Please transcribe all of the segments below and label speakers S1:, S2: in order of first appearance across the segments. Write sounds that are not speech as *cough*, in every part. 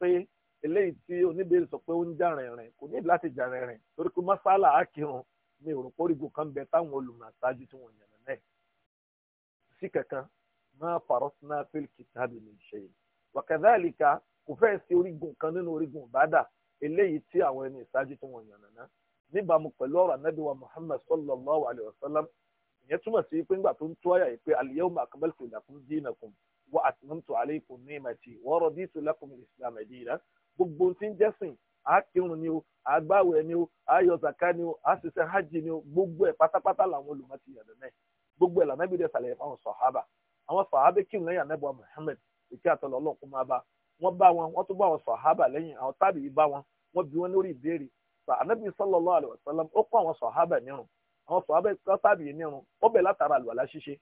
S1: pé eléyìí tí oníbèrè sọ pé ó ń jà rìnrìn kò ní láti jà rìnrìn torí pé masala akirun ní òrùpọ̀ orígun kan bẹ táwọn olùmọ̀ọ́sájú tí wọ́n yànnà náà sí kankan máa farasna fil kitabi min shay wa kadhalika kò fẹ́ sí orígun kan nínú orígun ìbádà eléyìí tí àwọn ẹni ìsájú tí wọ́n yànnà náà níbàámu pẹ̀lú ọ̀rọ̀ anábì wa sallallahu wa atmamtu alaykum ni'mati wa raditu lakum al-islam dinan gbogbo tí ń jẹ́sìn a kírun ni o a gbààwẹ̀ ni o a yọ zaka ni o a ṣiṣẹ́ hajj ni o gbogbo ẹ̀ pátápátá làwọn olùmọ̀ ti yàrá náà gbogbo ẹ̀ lànàbí dẹ̀ sàlẹ̀ fáwọn sọ̀hábà àwọn sọ̀hábà kírun lẹ́yìn anábọ̀ Muhammad ìkí àtọ̀lọ́ ọlọ́kùn máa bá wọ́n bá wọn wọ́n tún bá wọn sọ̀hábà lẹ́yìn àwọn tábì yìí bá wọn wọ́n bí wọn lórí ìbéèrè anábì sallallahu alaihi wasallam ó kọ́ àwọn sọ̀hábà nírun àwọn sọ̀hábà tábì yìí nírun ó bẹ̀ látara àlùwàlá ṣíṣe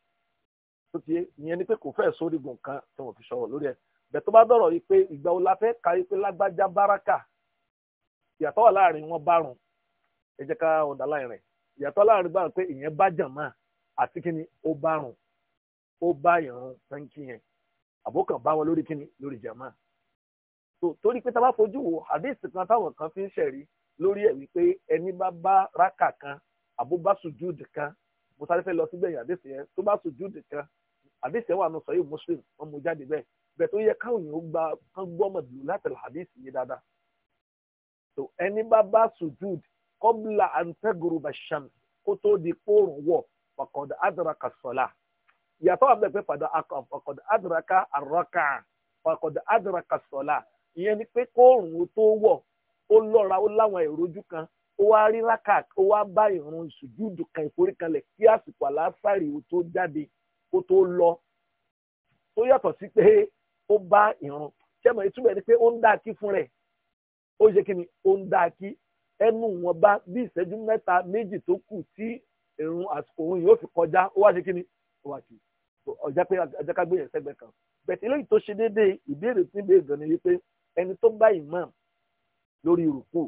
S1: tó ti yẹn ni pé kò fẹ́ sórígun kan tí wọ́n fi sọ̀rọ̀ lórí ẹ̀ bẹ̀ tó bá dọ̀rọ̀ yìí pé ìgbà wo la fẹ́ ka yìí pé lágbájá báràkà ìyàtọ̀ wà láàrin wọn bárun ẹ jẹ́ ká ọ̀dà láìrìn ìyàtọ̀ láàrin bárun pé ìyẹn bá jàmá àti kíni ó bárun ó bá ìrun sẹ́ńkì yẹn àbókàn bá wọn lórí kíni lórí jàmá so torí pé tá bá fojú wo hadith kan táwọn kan fi ń ṣẹ̀rí lórí ẹ̀ wípé ẹni bá bá rákà kan àbó bá sùjúùdì kan mo sáré fẹ́ lọ sígbẹ̀yìn hadith yẹn tó bá sùjúùdì kan hadith wa wà nù sọyìn muslim wọn jáde bẹ́ẹ̀ bẹ́ẹ̀ tó yẹ káwọn yìí ó gba kán gbọmọ dùn látàrí hadith yìí dáadáa so ẹni bá bá sujud kọbla antẹgùrù kó tó di kóòrùn wọ faqad adraka as yàtọ̀ àbẹ̀ pé faqad adraka ar ìyẹn ni pé kóòrùn tó ó lọ́ra ó láwọn ìrojú kan kó tó lọ tó yàtọ̀ sí pé ó bá ìrun sẹ́mọ̀ ìtumọ̀ ni pé ó ń dá kí fún rẹ̀ ó ṣe kí ni ó ń dá kí ẹnu wọn bá bí ìṣẹ́jú mẹ́ta méjì tó kù tí ìrun àsìkò òun yóò fi kọjá ó wá ṣe kí ni ó wá kí ọjà pé ọjà ká gbé yẹn sẹ́gbẹ̀ kan bẹ̀tẹ̀ eléyìí tó ṣe déédéé ìbéèrè tí ìbéèrè gan ni wípé ẹni tó bá imam lórí ìrùkù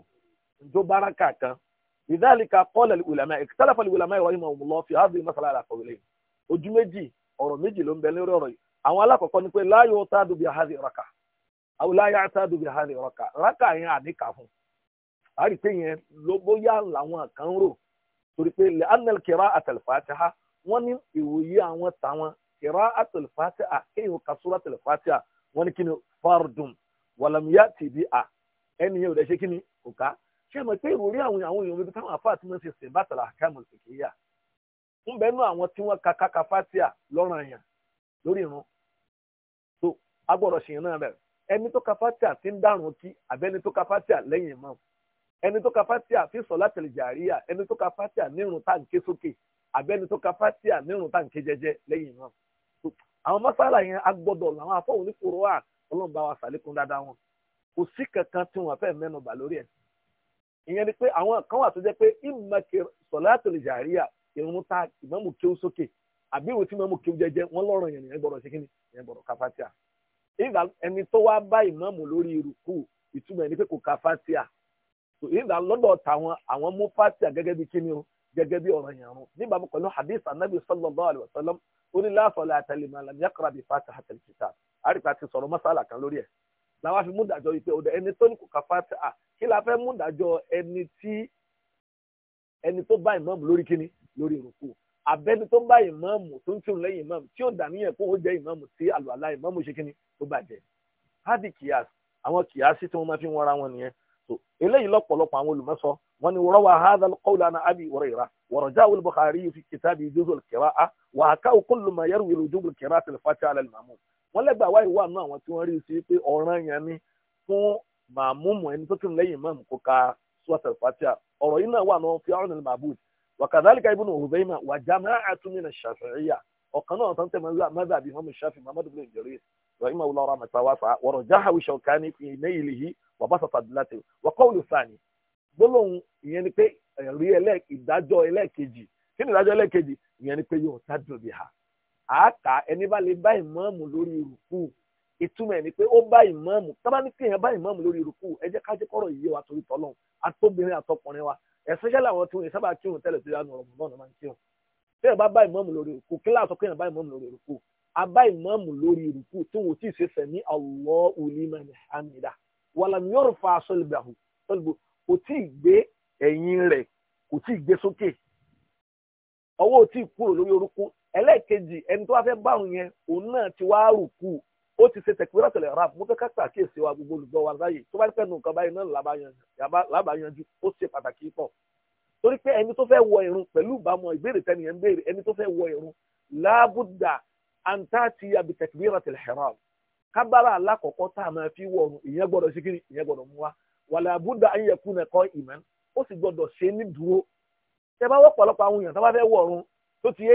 S1: tó bára kàkan lidhalika qala al-ulama ikhtalafa al-ulama rahimahumullah fi hadhihi al-mas'ala ala ojú méjì ọ̀rọ̀ méjì ló ń bẹ lórí ọ̀rọ̀ yìí àwọn alákọ̀ọ́kọ́ ni pé láyò tá dùbí àhàdì raka àwọn láyà tá a dùbí àhàdì raka raka yẹn àníkà fún a rí pé yẹn ló bóyá làwọn kan rò torí pé lè anel kira àtẹlifatiha wọn ní ìwòye àwọn táwọn kira àtẹlifatiha kéèyàn kasura àtẹlifatiha wọn ní kíni fardum wàlámiyá tìbí a ẹni yẹn ò dẹ ṣe kíni ń bẹnu àwọn tí wọ́n ka kaka fatia lọ́ràn yàn lórí irun tó agbọ́dọ̀ ṣèyàn náà bẹ̀rẹ̀ ẹni tó ka fatia ti ń dàrún kí àbẹ́ni tó ka fatia lẹ́yìn imam ẹni tó ka fatia fi solatil jariya ẹni tó ka fatia nírun táǹkì sókè àbẹ́ni tó ka fatia nírun táǹkì jẹ́jẹ́ lẹ́yìn imam tó àwọn masala yẹn agbọ́dọ̀ làwọn afọwọ́ ní kúrò wà bá wa sàlékún dáadáa wọn kò sí kankan tí wọ́n fẹ́ mẹ́nu bà lórí ẹ̀ ìyẹn ni pé àwọn kan wà tó jẹ́ pé ìmọ̀kẹ́ solatil jariya irun tá ìmáàmù kéwú sókè àbí ìwé tí ìmáàmù jẹjẹ wọn lọ́rọ̀ yẹn nìyẹn gbọ́dọ̀ ṣe yẹn gbọ́dọ̀ ka ìgbà ẹni tó wá bá ìmáàmù lórí ìrùkù ìtumọ̀ ẹni pé kò ìgbà lọ́dọ̀ tàwọn àwọn mú gẹ́gẹ́ bí ni o gẹ́gẹ́ bí ọ̀rọ̀ yẹn rún níbàámu pẹ̀lú hadith anabi sallallahu alayhi wa sallam ó ní bi lórí ìrùkù abẹ́ni tó ń bá ìmáàmù tó ń kírun lẹ́yìn ìmáàmù tí ó dàníyàn kó ó jẹ́ ìmáàmù tí àlùwàlá ìmáàmù ṣe kíni ó bàjẹ́ hadi kìyàs àwọn kìyàsí tí wọ́n máa fi ń wọ́ra wọn nìyẹn so eléyìí lọ́pọ̀lọpọ̀ àwọn olùmọ̀sọ wọn ni rọwà hadha alqawla an abi hurayra wa rajahu al-bukhari fi kitabi juz al-qira'a wa hakahu kullu ma yarwi wujub al-qira'at al-fatiha ala al-ma'mum wọn lẹgbẹ àwa ìwà náà àwọn tí wọn rí sí pé ọ̀ràn yẹn ni fún màmúmù ẹni tó kírun lẹ́yìn ìmáàmù kó ka surat al-fatiha ọ̀rọ̀ yìí náà wà náà fi ọrùn al-ma'bud وكذلك ابن hudhaima وجماعة من الشافعية ash-shafi'iyya ماذا náà tán tẹ̀ mọ́tà bí mọ́mú shafi muhammadu bin jarir rahimahullah rahmatan wasa wa rajahahu shawkani fi nailihi wa basata adillatihi wa qawlu thani gbólóhùn ìyẹn ni pé ẹ̀rí ìdájọ́ ẹlẹ́ẹ̀kejì kí ni ìdájọ́ ẹlẹ́ẹ̀kejì ìyẹn ni pé yóò tá dùn bí ha àáka ẹni bá lè bá ìmáàmù lórí rùkú ìtumọ̀ ẹ̀ ni pé ó bá ìmáàmù tábà ní kéèyàn bá ìmáàmù lórí rùkú ẹ jẹ́ ká jẹ́ kọ́rọ̀ yìí wa torí tọ́lọ́hún àtobìnrin àtọkùnrin wa especially àwọn tó ń sábà kírun tẹ́lẹ̀ tó yánu ọ̀rọ̀ bọ́ọ̀nù máa ń kírun tẹ́lẹ̀ bá bá ìmọ̀mù lórí rùkú kílá sọ pé èèyàn bá ìmọ̀mù lórí rùkú abá ìmọ̀mù lórí rùkú tí wọ́n ti ṣe sẹ̀mí Allahu liman hamida walam yarfa sọ́lùbàhù sọ́lùbù kò tí ì gbé ẹ̀yìn rẹ̀ kò tí ì gbé sókè ọwọ́ ò tí ì kúrò lórí orúkú ẹlẹ́ẹ̀kejì ẹni tó wá fẹ́ báwọn yẹn òun náà ti wá rùkú ó ti ṣe tẹ̀kúrẹ́ tẹ̀lẹ̀ rap mo fẹ́ ká ṣàkíyèsí wa gbogbo olùgbọ́ wa láyè tó bá ń fẹ́nu nǹkan báyìí náà làbá yanjú ó ṣe pàtàkì pọ̀ torí pé ẹni tó fẹ́ wọ irun pẹ̀lú ìbámu ìbéèrè tẹ́ni yẹn ń béèrè ẹni tó fẹ́ wọ irun láàbùdà àǹtá ti àbí tẹ̀kúrẹ́ tẹ̀lẹ̀ haram kábàrà alákọ̀ọ́kọ́ tá a máa fi wọ ọ̀run ìyẹn gbọ́dọ̀ sí kiri ìyẹn gbọ́dọ̀ mú wa wàlàbùdà ayẹ̀kú nẹ̀kọ́ ìmọ̀ ó sì gbọ́dọ̀ ṣe ní dúró tẹ bá wọ́pọ̀lọpọ̀ àwọn èèyàn tó bá fẹ́ wọ ọ̀run tó ti yé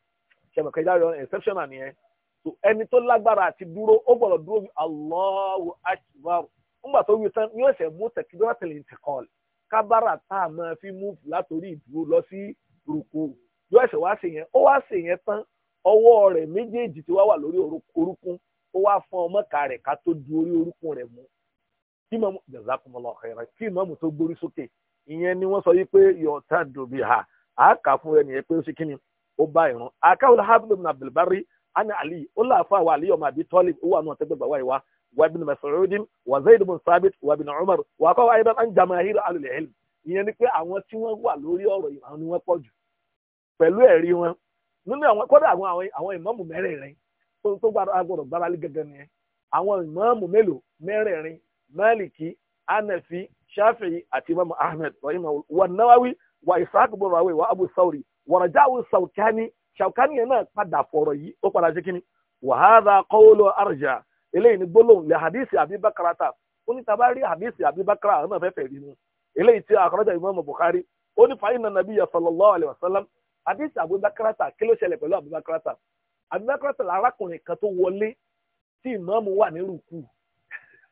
S1: ṣẹ̀mọ̀kẹ́ ìdárò exceptional nìyẹn so ẹni tó lágbára àti dúró ó gbọ́dọ̀ dúró bí Allahu akbar ńgbà tó wí tán yóò ṣe mú tẹkidọ́tẹ̀lì ìtẹ̀kọ́l kábàrà tá a máa fi mú látòrí ìdúró lọ sí rúkú yóò ṣe wá ṣe yẹn ó wá ṣe yẹn tán ọwọ́ rẹ̀ méjèèjì tí wá wà lórí orúkún ó wá fún ọmọ ká rẹ̀ ká tó du orí orúkún rẹ̀ mú kí mọ̀mú jazakumullahu khairan kí mọ̀mú tó gbórí sókè ìyẹn ni wọ́n sọ yí pé yọ̀ọ́tà dòbí ha àákà fún ẹnìyẹn pé ó ṣe kí ni ó bá ìrun akáwọlá habib ibn abdulbari ana ali ó láàfà wa ali ọmọ àbí tọ́lì owó àwọn àtẹgbẹ̀gbà wáyé wa wa ibn mas'udin wa zayd ibn sabit wa ibn umar wa kọ́ ayédán an jamahir alul ilm ìyẹn ni pé àwọn tí wọ́n wà lórí ọ̀rọ̀ yìí àwọn ni wọ́n pọ̀ jù pẹ̀lú ẹ̀rí wọn nínú àwọn kọ́dà àwọn àwọn ìmáàmù mẹ́rẹ̀ẹ̀rin tó gbọ́dọ̀ gbáralé gẹ́gẹ́ nìyẹn àwọn ìmáàmù mélòó mẹ́rẹ̀ẹ̀rin Maliki Anafi Shafi'i àti imam Ahmed wa Nawawi wa Ishaq ibn Rawi wa Abu Thawri wọ̀rọ̀jáwò sàwùkání sàwùkání yẹn náà padà fọ̀rọ̀ yìí ó padà ṣe kíni wàhálà kọ́wọ́lọ́ àrùjá eléyìí ni gbólóhùn lè hadisi àbíbákàrà ta ó ní tàbá rí hadisi àbíbákàrà àwọn náà fẹ́fẹ́ rí ni eléyìí tí àkọ́rọ́jà Imam Bukhari ó ní fàáyìn náà nàbí sallallahu alaihi wasallam hadisi àbíbákàrà ta kí ló ṣẹlẹ̀ pẹ̀lú àbíbákàrà ta àbíbákàrà ta lárakùnrin kan tó wọlé tí ìmáàmù wà ní rùkù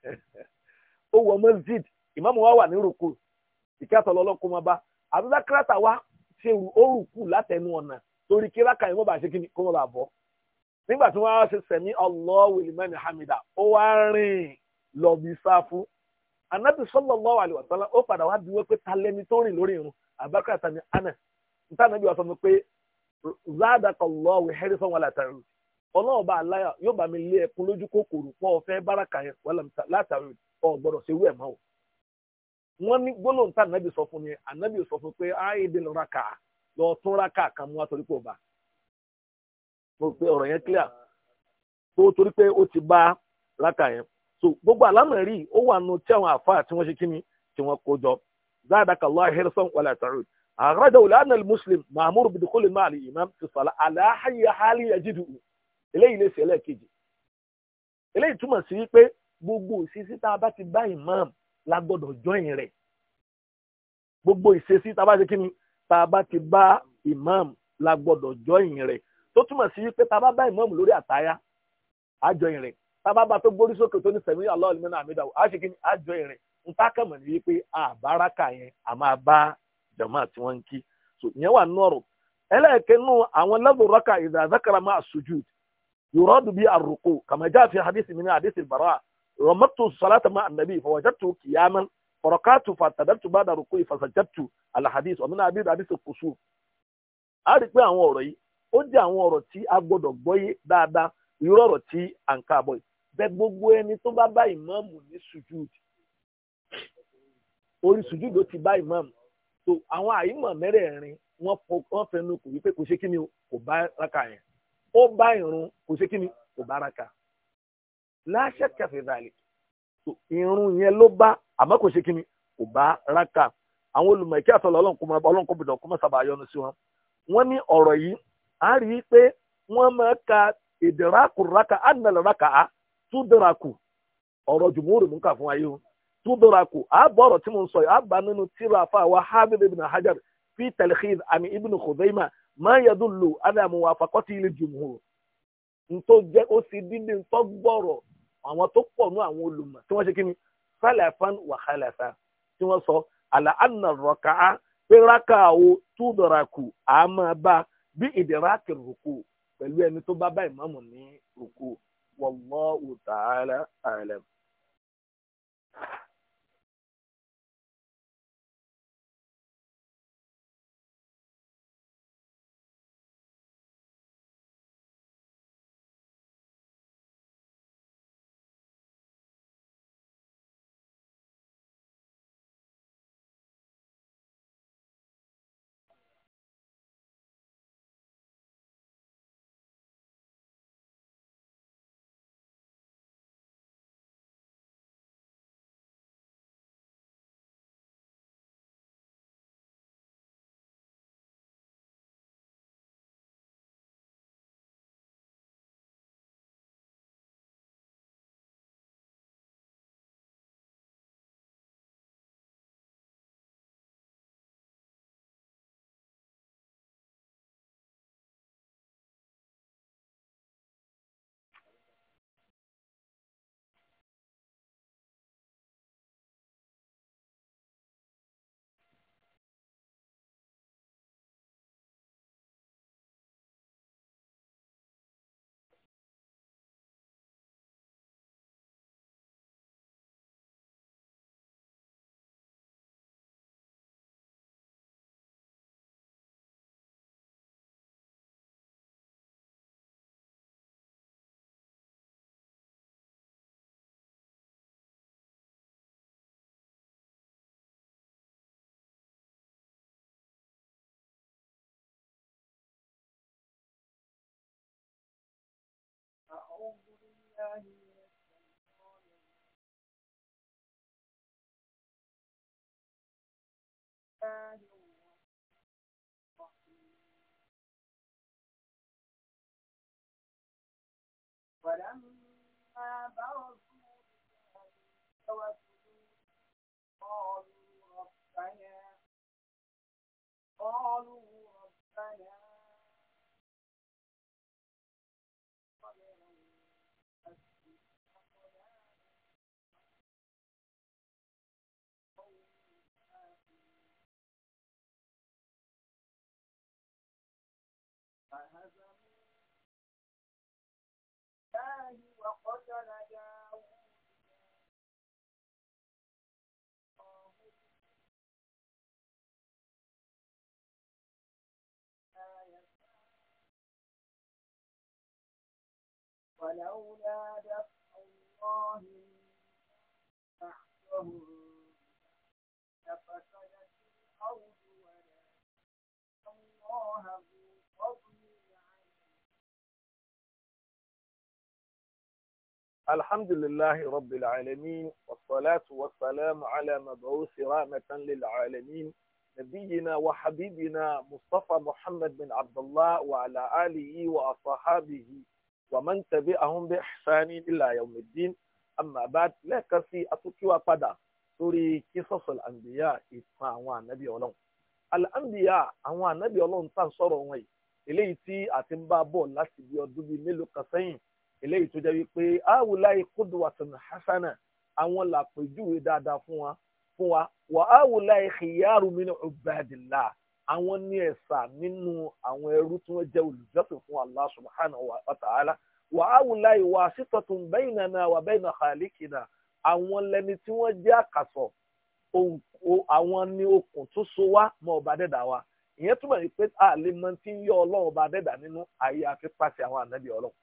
S2: *laughs*
S1: ó wọ masjid ìmáàmù wa wà ní rùkù ìkẹ́ àtọ̀lọ́lọ́kùnmọ́ba àbíbákàrà ta wá ṣe orùkù látẹnu ọ̀nà torí kí rákà yẹn wọ́n bá ṣe kí ni kó wọ́n bá bọ́ nígbà tí wọ́n á ṣe sẹ̀mí Allahu liman hamida ó wá rìn lọ bí sáfù anabi sallallahu alaihi wasallam ó padà wá bí wọ́n pé ta lẹ́ni tó rìn lórí irun àbákà tani ana níta anabi wà mi pé ọlọ́run bá yóò bá wọn ní gbólóhùn tá ànábì sọ fún ni ànábì sọ fún pé áìdè lọ́ra kà lọ tún ra kà kan mú wa pé ò mo yẹn clear tó torí pé ó ti bá rákà yẹn so gbogbo àlámọ̀ ó wà nù tí àwọn àfáà tí wọ́n ṣe kíni tí wọ́n kó jọ zaadaka allah hirsan wala ta'ud àgbàdo ìlànà muslim mahmud bidikoli maali imam yajidu eléyìí lè gbogbo òṣìṣẹ́ tá a ti bá imam lágbọ́dọ̀ jọyìn rẹ̀ gbogbo ìṣesí tá a bá ṣe ti bá imam lágbọ́dọ̀ jọyìn rẹ̀ tó túmọ̀ sí pé tá a bá bá imam lórí ataya àjọyìn rẹ̀ tá a bá bá tó gbórí sókè tó ní sẹ̀mí Allahu liman hamidahu á ṣe kíni àjọyìn rẹ̀ n ta kàn mọ̀ ní wípé yẹn a máa bá tí wọ́n ń kí so ìyẹn wà nọ́ọ̀rọ̀ ẹlẹ́ẹ̀kẹ́nu àwọn lẹ́bùn raka máa sujud yuradu bí arruku kama jaa غمضت الصلاة مع النبي فوجدته قياما فركعت فاعتدلت بعد ركوعي فسجدت الحديث ومن أبي حديث القصور a rí pé àwọn yi o ó jẹ́ àwọn ọ̀rọ̀ tí a gbọ́dọ̀ gbọ́yé dáadáa irú ọ̀rọ̀ tí à ń káàbọ̀ yìí bẹ gbogbo ẹni tó bá bá ní orí ti bá ìmáàmù tó àwọn àyímọ̀ mẹ́rẹ̀ẹ̀rin wọn fẹnu kò wípé kò ṣe kí ni raka yẹn ó bá kò ṣe kí ni raka láṣẹ kẹfì dàlẹ irun yẹn ló bá àmọ́ kò ṣe kíni kò bá rákà àwọn olùmọ̀ ìkẹ́ àtọlọ ọlọ́nkọmọ ọlọ́nkọmọdọ kọmọ sábà yọ́nú sí wọn wọ́n ní ọ̀rọ̀ yìí a rí i pé wọ́n máa ka ìdìrákù rákà ánàlẹ rákà á tún dìrákù ọ̀rọ̀ jùmúrù mú kà fún ayé o tún dìrákù á bọ ọ̀rọ̀ tí mo ń sọ yìí á bá nínú tíra fa wa habib ibn hajar fi talxiz àmì ibn khuzaima máa yadullu adamu wa fakọtì ilé jùmúrù ntọ́ ó sì dídí ntọ́ àwọn tó pọ̀ nú àwọn olùmọ̀ tí wọ́n ṣe kí ni sálàfán wà hálàfá tí wọ́n sọ àlà àna rọ̀ká á pé rákà o túdọ̀ràkù á máa bá bí ìdíráàkì rùkù pẹ̀lú ẹni tó bá bá ìmáàmù ní rùkù wallahu ta'ala a'lam.
S3: ಹೀಗೆ
S2: ولولا دفع الله بعضهم لفسدت الأرض ولكن الله فضل
S1: الحمد لله رب العالمين والصلاة والسلام على مبعوث رحمة للعالمين نبينا وحبيبنا مصطفى محمد بن عبد الله وعلى آله وأصحابه wàmọ́ ń tẹ̀bí àwọn bẹ́ẹ̀ sani ila yawmiddin amma ba'd lẹ́ẹ̀kan sí atúkíwá padà sórí kísọ́sọ̀lù àǹbíyá ìtàn àwọn ànábì ọlọ́run àlàǹbíyá àwọn ànábì ọlọ́run tá à ń sọ̀rọ̀ wọn yìí eléyìí tí a ti ń bá bọ̀ láti bí ọdún bíi mélòó kan sẹ́yìn eléyìí tó jẹ́ wípé awulai kudwatan hasana àwọn làpèjúwe dáadáa fún wa fún wa wà awulai khiyaru min ubadillah àwọn ní ẹ̀sà nínú àwọn ẹrú tí wọ́n jẹ́ olùjọ́sìn fún Allah subhanahu wa ta'ala wa ha'ula'i wasitotun baynana wa bayna khaliqina àwọn lẹni tí wọ́n jẹ́ àkàsọ̀ àwọn ni okùn tó so wá mọ́ ọba dẹ́dà wa ìyẹn túmọ̀ ní pé àlè mọ tí ń yọ ọlọ́run ọba dẹ́dà nínú ayé àfipáṣẹ àwọn ànábì ọlọ́run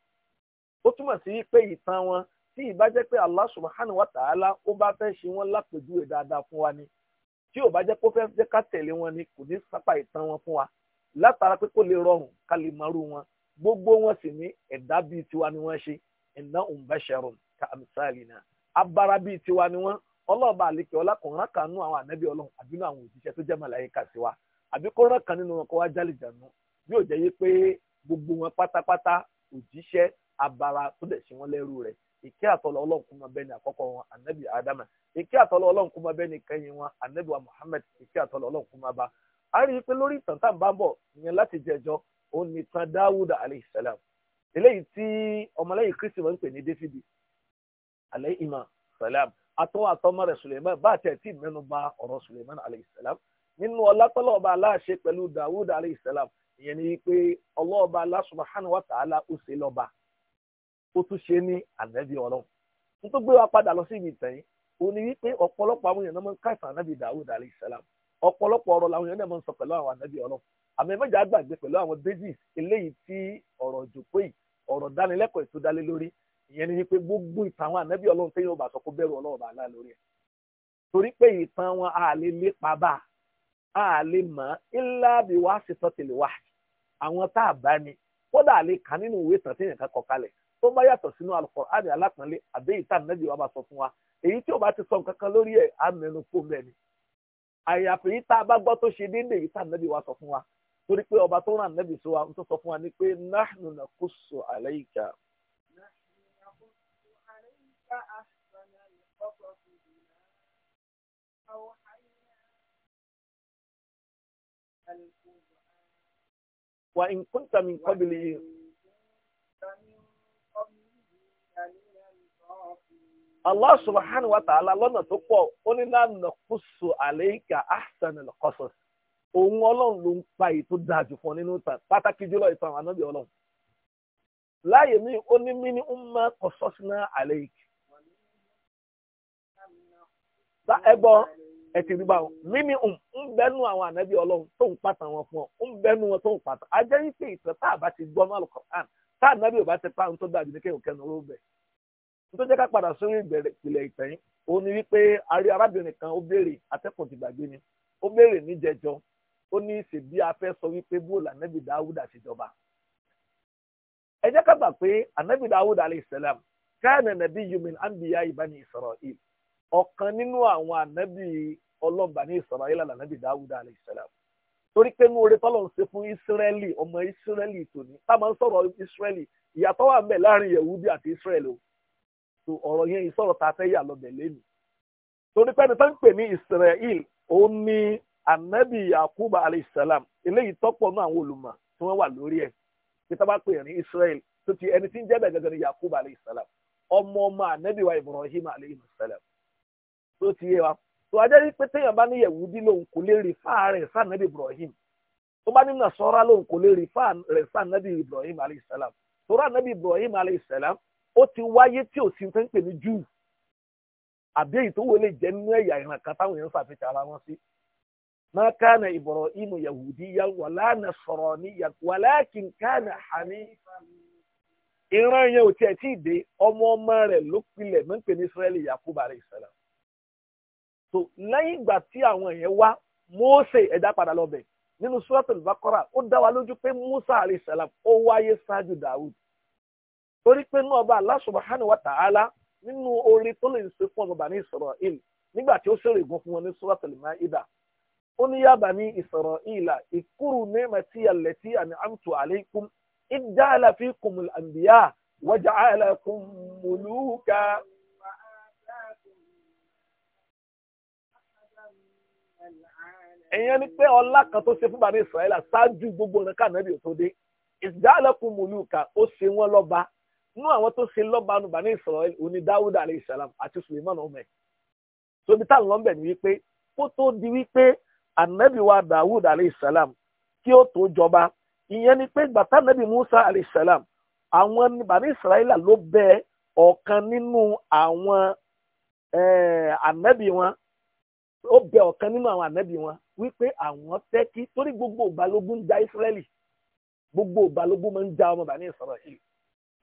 S1: ó túmọ̀ sí pé ìtàn wọn tí ìbá jẹ́ pé Allah subhanahu wa ta'ala ó bá fẹ́ ṣe wọ́n lápèjúwe tí ò bá jẹ́ kó fẹ́ẹ́ jẹ́ ká tẹ̀lé wọn ni kò ní sápá ìtàn wọn fún wa látara pé kó lè rọrùn ká lè mọrú wọn gbogbo wọn sì ní ẹ̀dá bíi tiwa ni wọ́n ṣe iná òǹbẹ́sẹ̀rùn ká àmísàlì náà abara bíi tiwa ni wọ́n ọlọ́ọ̀bà àlekè ọlákùnrin kan nú àwọn ànábì ọlọ́run àbí nú àwọn òjíṣẹ́ tó jẹ́ màláyíkà sí wa àbí kó rán kan nínú wọn kó wá jálè jànú yóò jẹ́ yé pé gbogbo wọn pátápátá òjíṣẹ́ abara tó dẹ̀ ṣe wọ́n lẹ́rú rẹ̀ ìkẹ́ àtọ́lọ́ ọlọ́run nkuma máa bẹ ní àkọ́kọ́ wọn anabi adama ìkẹ́ àtọ́lọ́ ọlọ́run nkuma máa bẹ ní kẹ́yìn wọn anabi wa muhammed ìkẹ́ àtọ́lọ́ ọlọ́run kó máa bá a rí i pé lórí ìtàn tá à ń bá láti jẹjọ òun ni tan dáwúdà alayhi salam eléyìí tí ọmọlẹ́yìn kristi wọn ń pè ní dáfídì alayhi salam atọ́ àtọmọ rẹ̀ suleiman bá àti ẹ̀tí mẹ́nu ba ọrọ suleiman alayhi salam nínú ọlátọ́lọ́ ọba aláṣẹ pẹ̀lú dawud alayhi salam ìyẹn ni pé ọlọ́ọba Allah subhanahu wa ta'ala ó ṣe lọ́ba ó tún ṣe ní ànábì ọlọ́run n tó gbé wa padà lọ sí ibi ìtàn yìí òun ni wípé ọ̀pọ̀lọpọ̀ àwọn èèyàn náà máa ń káìsàn ànábì dàwùd alayhi salam ọ̀pọ̀lọpọ̀ ọ̀rọ̀ làwọn èèyàn náà máa ń sọ pẹ̀lú àwọn ànábì ọlọ́run àmì ẹ̀mẹ́jà gbàgbé pẹ̀lú àwọn babies eléyìí tí ọ̀rọ̀ jòkó yìí ọ̀rọ̀ dánilẹ́kọ̀ọ́ ètò dálé lórí ìyẹn ni wípé gbogbo ìtàn àwọn ànábì ọlọ́run a lè lépa a lè mọ̀ ńlá bí wàá ṣe tọ́ tẹ̀lé wá àwọn tá a bá ní kódà tó bá yàtọ̀ sínú Al-Qur'ani ta àbẹ́yìí tá nẹ́bí wa bá sọ fún wa èyí tí o bá ti sọ nǹkan kan lórí ẹ̀ á mẹ́nu fún mẹ́ni àyàfi yìí tá a bá gbọ́ tó ṣe tá wa sọ fún ọba tó ràn nẹ́bí wa ń tó sọ ni pé Allah subhanahu wa ta'ala lọ́nà tó pọ̀ ó ní lánàá kùsù àlẹ́kà ahsan al-qasas òun ló ń pa èyí fún nínú ìtàn pàtàkì jùlọ ìtàn àwọn ànábì ọlọ́run láàyè mi ó ní mí ní umma ẹ gbọ́ ẹ ti rí mí ní um, ń bẹ́nu àwọn ọlọ́run tó ń pàtàn wọn fún ọ ń bẹ́nu wọn tó ń pàtàn pé nítorí jẹ́ ká padà sórí ìpìlẹ̀ ìtẹ̀yìn ó ní wípé arí arábìnrin kan ó béèrè atẹ́kùn ti gbàgbé ni ó béèrè ní jẹjọ ó ní ṣèbí afẹ́ sọ wípé bóòlù ànábì dáwúdà ṣèjọba ẹ jẹ́ ká gbà pé ànábì dáwúdà alayhi salam káàní nàbí yumin anbiya ibani Israil ọ̀kan nínú àwọn ànábì ọlọ́ọ̀bà ní Israil ànábì dáwúdà alayhi salam torí pé ní oore tọ́lọ̀ ń ṣe fún ìsírẹ́lì ọmọ ìsírẹ́lì tòní tá a máa sọ̀rọ̀ ìsírẹ́lì ìyàtọ̀ wà ń láàrin yẹ̀wúdí àti ìsírẹ́lì o so ọ̀rọ̀ yẹn ìsọ̀rọ̀ tá ya fẹ́ yà lọ́bẹ̀ lẹ́nu torí pẹ́ni tó ń pè ní Israel ó ní anabi Yakuba alayhisalam eléyìí tọ́pọ̀ náà àwọn olùmọ̀ tí wọ́n wà lórí ẹ̀ kí pè ní Israel tó ti ẹni tí ń jẹ́ gẹ́gẹ́ ní Yakuba ọmọ ọmọ anabi wa Ibrahim tó ti yẹ wa tó bá ní lòun kò rẹ̀ Ibrahim tó ní ó ti wáyé tí ò sí tó ń pè ní júù àbí èyí tó wọlé jẹ́ nínú ẹ̀yà ìran kan táwọn èèyàn ṣàfihàn ara wọn sí. ma kana Ibrahim yahudiyan wala nasraniyan walakin kana hanifan ìran yẹn ò tiẹ̀ tí ì dé ọmọ ọmọ rẹ̀ ló pilẹ̀ mọ́ ní Israẹli Yakubu alayhi salam. so lẹ́yìn ìgbà tí àwọn yẹn wá Mósè ẹ̀dá padà lọ bẹ̀ nínú Suratul Baqara ó dá wa lójú pé Musa alayhi ó wáyé ṣáájú Dawud torí pé náà ọba aláṣọba subhanahu wa nínú orí tó lè ṣe fún ọba ní Isra'il nígbà tí ó ṣèrè gun fún wọn ní Suratul Ma'idah ó ní ya bani Isra'ila ìkúrú ni'mati allati an'amtu alaykum idh ja'ala fikumul anbiya ẹ̀yẹn ni pé ọlá kan tó ṣe fún bàbá ṣáájú gbogbo o tó dé nínú àwọn tó ṣe lọ́bàánu bani Israel oní Dáwúdà alayhi salam àti Suleiman ọmọ ẹ̀ tóbi tá lọ́n bẹ̀ ni wípé kó tó di wípé ànábì wa Dáwúd alayhi salam kí ó tó jọba ìyẹn ni pé gbàtà ànábì Musa alayhi salam àwọn bani Israel ló bẹ ọ̀kan nínú àwọn eh, ànábì wọn ó bẹ ọ̀kan nínú àwọn ànábì wọn wípé àwọn fẹ́ kí torí gbogbo ìgbàlógún ja Israẹli gbogbo ìgbàlógún máa ń ja ọmọ bani Israel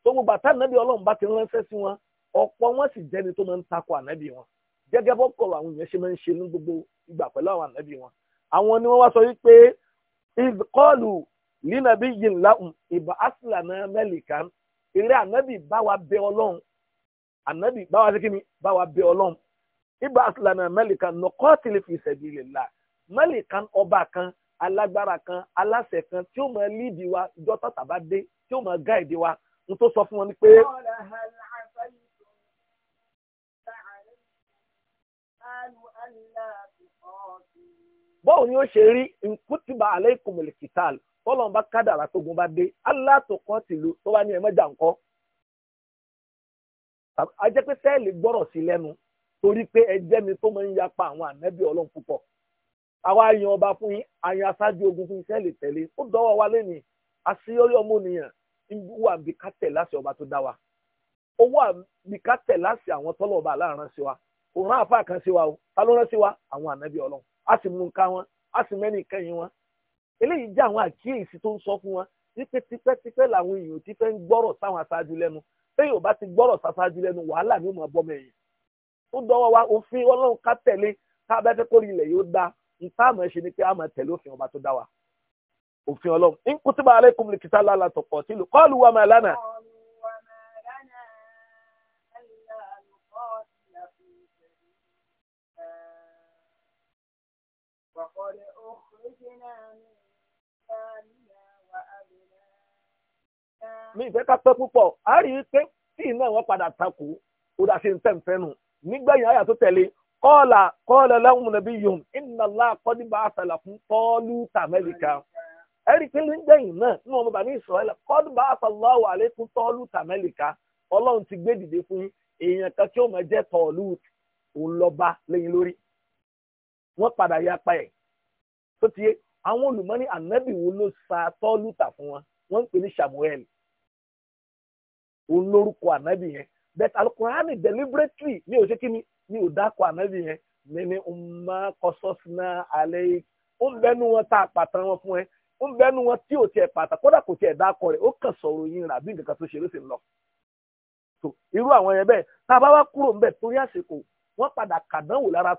S1: tó gbogbo àtànàbí ọlọ́run bá ti ránṣẹ́ sí wọn ọ̀pọ̀ wọn sì jẹ́ni tó máa ń takò ànábì wọn gẹ́gẹ́ bọ́ kọ̀ọ̀lọ̀ àwọn èèyàn ṣe máa ń ṣe ní gbogbo ìgbà pẹ̀lú àwọn ànábì wọn àwọn ni wọ́n wá sọ wípé ìkọlù línabi yìí ńlá ìbá asìlà náà mẹ́lìkà eré ànábì bá wa bẹ ọlọ́run ànábì bá wa sékìní bá wa bẹ ọlọ́run ìbá asìlà náà mẹ́lìkà nọ̀kọ́ tìlẹ̀ fi ìṣẹ̀dí lè la mẹ́lìkà ọba kan alágbára kan aláṣẹ kan tí ó máa lídìí wa ìjọ tàtàbá dé tí ó máa gáìdì wa n tó sọ fún wọn ni pé. báwo ni ó ṣe rí nkútìbà aleikum likital tọ́lọ̀ bá kádàrà tógun bá dé alátòkàn tìlú tó bá ní ẹ̀ mọ́jà ńkọ́. a jẹ́ pé sẹ́ẹ̀lì gbọ́rọ̀ sí lẹ́nu torí pé ẹ mi tó máa ń yapa àwọn ànábì ọlọ́run púpọ̀. àwa yan ọba fún yín àyàn aṣáájú ogun fún sẹ́ẹ̀lì tẹ̀lé ó dọ́wọ́ wa lẹ́nu àṣeyọrí ọmọ nìyàn wà bí ká tẹ̀ láṣẹ ọba tó dá wa ó wà bí ká tẹ̀ láṣẹ àwọn tọ́lọ̀ ọba aláàrán sí wa kò àfa kan sí wa o ta ló rán sí wa àwọn ànábì ọlọ́run a sì mú nǹkan wọn a sì mẹ́ni kẹ́yìn wọn eléyìí jẹ́ àwọn àkíyèsí tó ń sọ fún wọn wípé tipẹ́tipẹ́ làwọn èèyàn ti fẹ́ ń gbọ́rọ̀ sáwọn aṣáájú lẹ́nu téèyàn bá ti gbọ́rọ̀ sáṣáájú lẹ́nu wàhálà ni ó máa bọ́ mẹ́yìn ó dọ́wọ́ wa òfin ọlọ́run ká tẹ̀lé ká bá fẹ́ kórìí ilẹ̀ yóò dá nǹkan àmọ́ ṣe ni pé àmọ́ tẹ̀lé òfin ọba tó dá wa òfin ọlọ́run ní kútùbà alaykum lè kìtà lálà tọ̀pọ̀ tí kọ́ọ̀lù wa máa lánàá. من دارنا وأبنائنا mi ìfẹ́ ká pẹ́ púpọ̀ a rí i pé tí iná wọn padà takò ó dá sí ní tẹ̀m̀fẹ́ nù nígbẹ̀yìn àyà tó tẹ̀lé kọ́ọ̀là kọ́ọ̀là lahum nabiyyuhum inna Allaha qad ba'atha lakum Taluta malika ẹ̀rí pé ní gbẹ̀yìn náà nínú ọmọ bàbá Ísírẹ́lì kọ́dù bá Allahu alaykum tọ́ọ̀lù tàmẹ́lìkà ọlọ́run ti gbé dìde fún yín èèyàn kan tí ó máa jẹ́ tọ́ọ̀lù òun lọ́ba lẹ́yìn lórí wọ́n padà ya pa ẹ̀ tó ti yé àwọn olùmọ́ni ànábì wo ló sa tọ́ọ̀lù tà fún wọn wọ́n ń pè ní Samuel òun lórúkọ ànábì yẹn bẹ́ẹ̀ alukurani deliberately ní òṣè kí ni ní òdàkọ ànábì yẹn ní ní umma qasasna alayk ó ń bẹnu wọn tá àpàtàn wọn fún ẹ ń bẹnu wọn tí ò tiẹ̀ pàtàkì kódà kò tiẹ̀ dákọ rẹ̀ ó kàn sọ̀rọ̀ yín rà bí nǹkan tó ṣe ló sì ń lọ. so irú àwọn yẹn bẹ́ẹ̀ tá a bá wá kúrò ń bẹ̀ torí àsìkò padà kàdánwò lára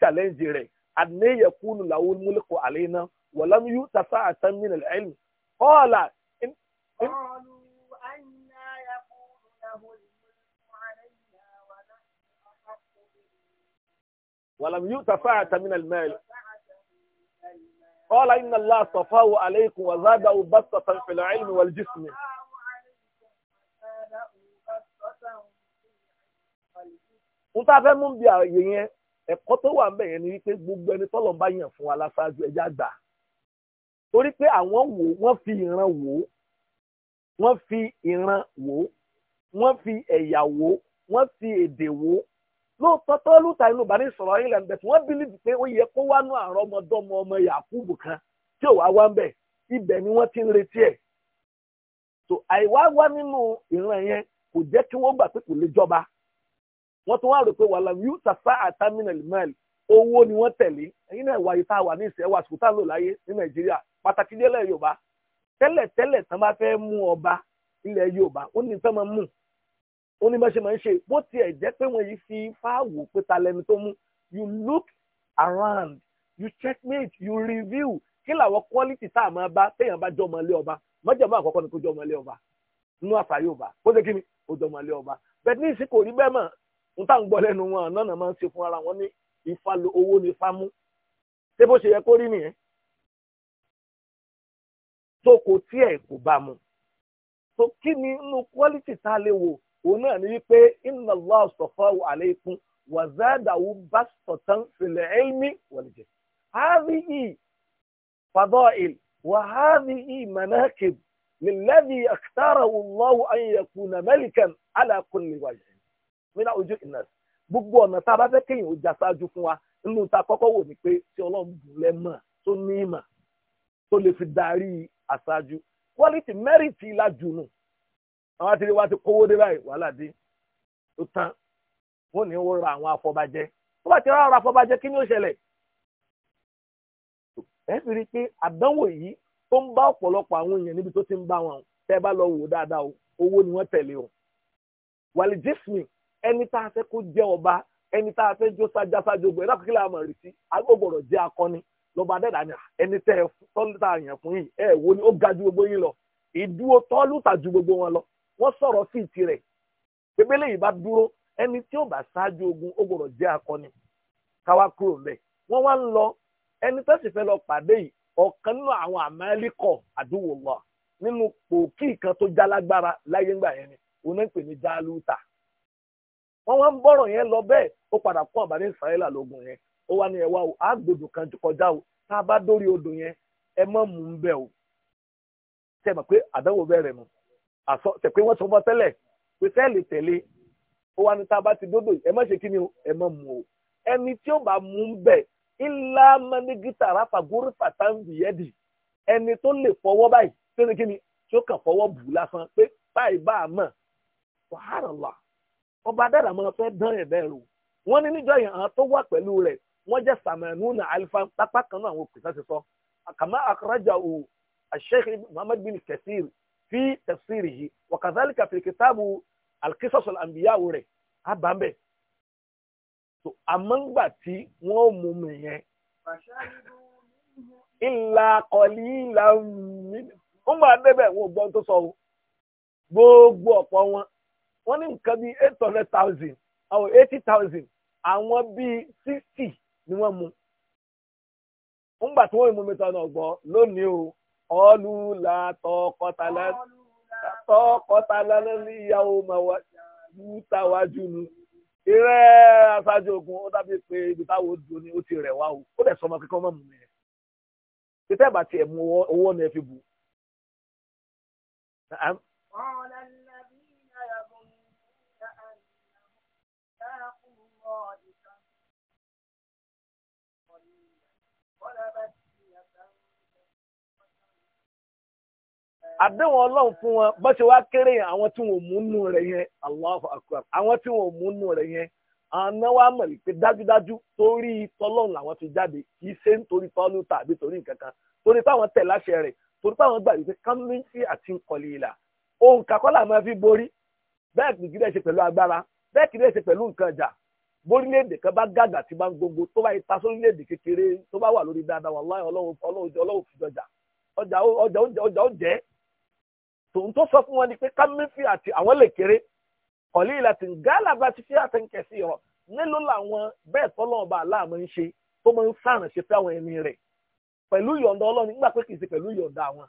S1: challenge re àdéhìyẹ kúlù làwọn múlẹ̀kọ̀ àlẹ́ iná wọ̀lámú yú tàfà terminal ẹ̀lì yú tàfà قال إن الله صفاه عليكم وزاده بسطة في العلم والجسم ń tá a fẹ́ mú bí ààyè yẹn ẹ̀kọ́ tó wà ńbẹ̀ yẹn ni wípé gbogbo ẹni tọ́lọ̀ bá yàn fún wa láṣáájú ẹja gbà torí pé àwọn wò wọ́n fi ìran wò wọ́n fi ìran wò wọ́n fi ẹ̀yà wò wọ́n fi èdè wò lóòótọ́ tó lùtà inú bàní sọ̀rọ̀ yín lẹ́nu bẹ̀tù wọ́n bílíìbì pé ó yẹ kó wá àrọ́ ọmọ Yakubu kan tí ò wá wá ń bẹ̀ ibẹ̀ ni wọ́n ti ń retí ẹ̀ so àìwá nínú ìran yẹn kò jẹ́ kí wọ́n gbà pé kò lè jọba wọ́n tún wá rò pé wàhálà yóò sàfà àtàmínà owó ni wọ́n tẹ̀lé ẹ̀yin náà wáyé tá a wà ní ìsẹ́ wa sùkúta lò láyé ní Nàìjíríà pàtàkì délẹ̀ Yorùbá tẹ́lẹ̀ tẹ́lẹ̀ tán bá fẹ́ mú ọba ilẹ̀ Yorùbá ó ó ní bẹ́ẹ̀ ṣe máa ń ṣe bó tiẹ̀ jẹ́ pé wọ́n yìí fi fáwò pé ta tó mú you look around you checkmate you review kí làwọn quality tá a máa bá téèyàn bá jọ ọmọlé ọba mọ́jàmọ́ àkọ́kọ́ ni kó jọ ọmọlé ọba nínú àṣà Yorùbá kó ṣe kí ni kó jọ ọmọlé ọba bẹ́ẹ̀ ní ìsìnkú rí bẹ́ẹ̀ mọ̀ n tá ń gbọ́ lẹ́nu wọn nọ́nà máa ń ṣe fún ara wọn ní ifá owó ní ifá mú ṣé bó ṣe yẹ kó rí nìyẹn tó kò tiẹ̀ kò bá mu tó kí ni inú quality tá a lè wò òun náà ní wípé inna Allah safahu alaykum wa zadahu bastatan fil ilmi wal jism. hadhihi fadail wa hadhihi manakib lilladhi ikhtarahu Allahu an yakuna malikan ala kulli wajh min ojú ìnáà gbogbo ọ̀nà tá a bá fẹ́ kéèyàn ó jà ṣáájú fún wa nínú ta kọ́kọ́ wò ní pé tí ọlọ́run bù lẹ́mọ̀ tó ní ìmọ̀ tó lè fi darí aṣáájú quality merit la nù àwọn àtìrí wa ti kówó dé báyìí wàhálà dé ó tán wọn ní wọ́n ra àwọn afọbajẹ tó bá ti rà àwọn afọbajẹ kí ni ó ṣẹlẹ̀ ẹ fi rí i pé àdánwò yìí tó ń bá ọ̀pọ̀lọpọ̀ àwọn èèyàn níbi tó ti ń bá wọn tẹ́ bá lọ wò dáadáa owó ni wọ́n tẹ̀lé o wàlìjísìn ẹni tá a fẹ́ kó jẹ́ ọba ẹni tá a fẹ́ jó sájásájó gbọ́ ẹ̀dá kókè láàmú rí sí agbógbòrò jẹ́ akọni lọ́ba dẹ́dà ni ẹni tẹ́ ẹ tọ́lú tá a fún yìí ẹ wo ni ó ga ju gbogbo yín lọ ìdúró tọ́lú tà ju gbogbo wọn lọ wọ́n sọ̀rọ̀ sí tirẹ̀ pépélé yìí bá dúró ẹni tí ó bá ṣáájú ogun ó gbọ́dọ̀ jẹ́ akọni káwá kúrò ńbẹ̀ wọ́n wá ń lọ ẹni tó fẹ́ lọ pàdé yìí ọ̀kan nínú àwọn àmàlíkọ̀ àdúgbò wa nínú pòkì kan tó jálágbára láyé ńgbà yẹn ni wọ́n wá ń yẹn lọ bẹ́ẹ̀ ó padà kún àbáni ìsàlẹ̀ àsọ tẹ̀pé wọ́n sọ fún ọ tẹ́lẹ̀ pé sẹ́ẹ̀lì tẹ̀lé ó wá ní tá a bá ti dódò ẹ má ṣe kí ni o ẹ má mu o ẹni tí ó bá mú un bẹ̀ ilá mẹ́nẹ́gítà ráfà górí fàtàǹbìyẹ́dì ẹni tó lè fọwọ́ báyìí tó ní kí ni tí ó kàn fọwọ́ bù lásán pé báyìí bá a mọ̀ wàhálà ọba dára máa fẹ́ dán ẹ̀ bẹ́ẹ̀ rò wọ́n ní níjọ́ yẹn àwọn tó wà pẹ̀lú rẹ̀ wọ́n jẹ́ samanuna alifa lápá kan náà àwọn òkè sáṣẹ sọ àkàmá àkàrájà o àṣẹ́kì Muhammad bin Kathir fi tafsirihi wa kadhalika fi kitabu alqisas alanbiya rẹ̀ abambẹ̀ so àmọ́ngbà tí wọ́n mú mi yẹn illa qalilan minhum wọ́n máa débẹ̀ wọ́n gbọ́n tó sọ gbogbo ọ̀pọ̀ wọn wọ́n ní nǹkan bíi eight hundred thousand or eighty thousand àwọn bíi sixty ni wọ́n mú nígbà tí wọ́n mú mi tọ́ náà gbọ́ o kọlu làtọ̀ kọtàlá tọ́ kọtàlá lẹ́nu ìyàwó màwá yúta wájú ni ìrẹ́ aṣáájú ogun ó dábìí pé ibi ni ó ti rẹ̀ wá o ó dẹ̀ sọmọ kíkọ́ mọ́ mú mi yẹn títẹ́ bàtì ẹ̀ mú owó ni ẹ fi bù. àdéhùn ọlọ́run fún wọn bó ṣe wá kéré yẹn àwọn tí wọn ò mú nù rẹ̀ yẹn Allahu akbar àwọn tí wọn ò mú nù rẹ̀ yẹn pé dájúdájú torí tọ́lọ́run làwọn fi jáde kì í ṣe nítorí tọ́lú tàbí torí nǹkan kan torí táwọn tẹ̀ láṣẹ torí táwọn gbà wípé kámíńtì àti nkọ̀lì fi borí bẹ́ẹ̀ kì í ṣe pẹ̀lú agbára bẹ́ẹ̀ kì í ṣe pẹ̀lú nǹkan bá gàgà tí bá gbogbo tó bá kékeré tó tòun tó sọ fún wọn ni pé kámẹ́fì àti àwọn lè kéré kọ̀lí ìlàtí gálà bá ti fi àtẹ̀kẹ̀sí ọ̀rọ̀ nílò làwọn bẹ́ẹ̀ tọ́lọ́wọ́n bá aláàmọ́ ń ṣe tó máa ń sàràn ṣe fẹ́ àwọn ẹni rẹ̀ pẹ̀lú yọ̀ǹda ọlọ́run nígbà pé kì í ṣe pẹ̀lú yọ̀ǹda àwọn.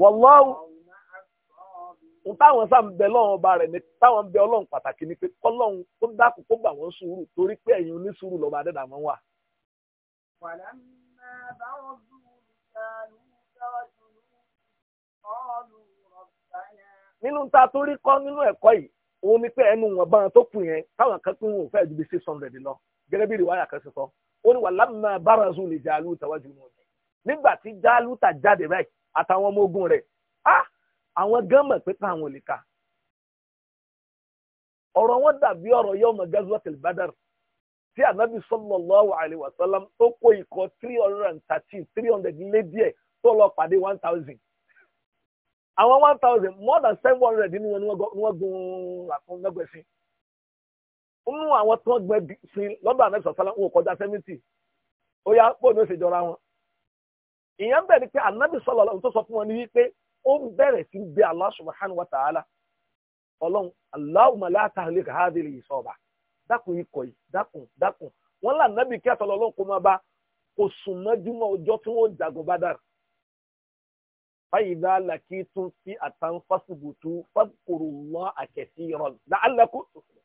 S1: wọ́lọ́wù táwọn sáà ń bẹ lọ́wọ́n ọba rẹ̀ ni táwọn ń bẹ ọlọ́run pàtàkì ni pé kọ́lọ́run tó dákú nínú ta torí kọ́ nínú ẹ̀kọ́ yìí òun ni pé ẹnu wọn bá tó kù yẹn táwọn kan kún un fẹ́ẹ́ ju bí six hundred lọ gẹ́gẹ́ bí ìwáyà kan ṣe sọ ó ní walamma barazu li Jaluta wájú wọn nígbà tí Jaluta jáde báyìí àtàwọn ọmọ ogun rẹ̀ ah àwọn gan mọ̀ pé táwọn ò lè ka ọ̀rọ̀ wọn dàbí ọ̀rọ̀ yawm Ghazwatil Badr tí anabi sallallahu alaihi wasallam tó kó ikọ̀ three hundred and thirteen three hundred lé díẹ̀ tó lọ pàdé one thousand àwọn one thousand more than seven hundred nínú wọn ni wọ́n gun àkùn lọ́gbẹ̀sìn nínú àwọn tí wọ́n gbẹ sí kọjá seventy ó yá jọra wọn ìyẹn ń ni pé tó sọ fún wọn ni wípé ó ń bẹ̀rẹ̀ sí gbé wa ta'ala ọlọ́run Allahumma la tahlik hadhihi al-isaba dákun ikọ̀ yìí dákun dákun wọn là nábì kí àtọ̀lọ́ kó kò sùn فإذا لقيتم فئة فاثبتوا فاذكروا الله كثيرا لعلكم تفلحون